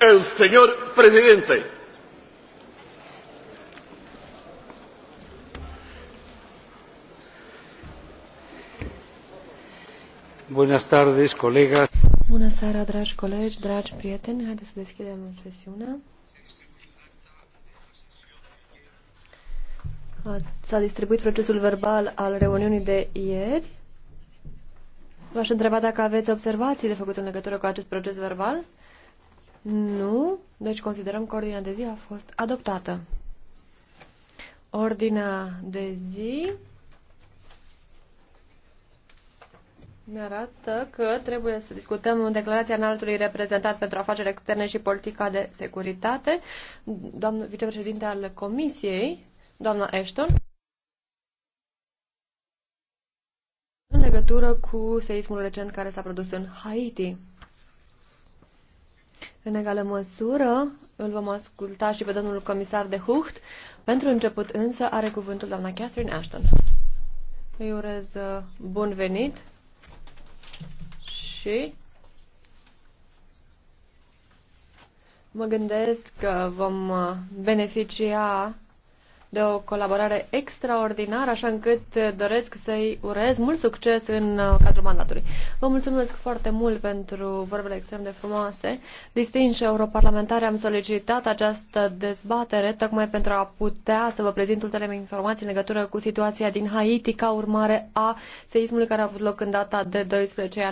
el señor presidente. Buenas tardes, colegas. Bună seara, dragi colegi, dragi prieteni. Haideți să deschidem sesiunea. S-a distribuit procesul verbal al reuniunii de ieri. V-aș întreba dacă aveți observații de făcut în legătură cu acest proces verbal. Nu. Deci considerăm că ordinea de zi a fost adoptată. Ordinea de zi ne arată că trebuie să discutăm în declarația înaltului reprezentant pentru afaceri externe și politica de securitate, doamnă vicepreședinte al Comisiei, doamna Ashton. în legătură cu seismul recent care s-a produs în Haiti. În egală măsură, îl vom asculta și pe domnul comisar de Hucht. Pentru început însă are cuvântul doamna Catherine Ashton. Îi urez uh, bun venit și mă gândesc că vom uh, beneficia de o colaborare extraordinară, așa încât uh, doresc să-i urez mult succes în uh, cadrul mandatului. Vă mulțumesc foarte mult pentru vorbele extrem de frumoase. Distinși europarlamentari, am solicitat această dezbatere tocmai pentru a putea să vă prezint ultimele informații în legătură cu situația din Haiti ca urmare a seismului care a avut loc în data de 12 ianuarie.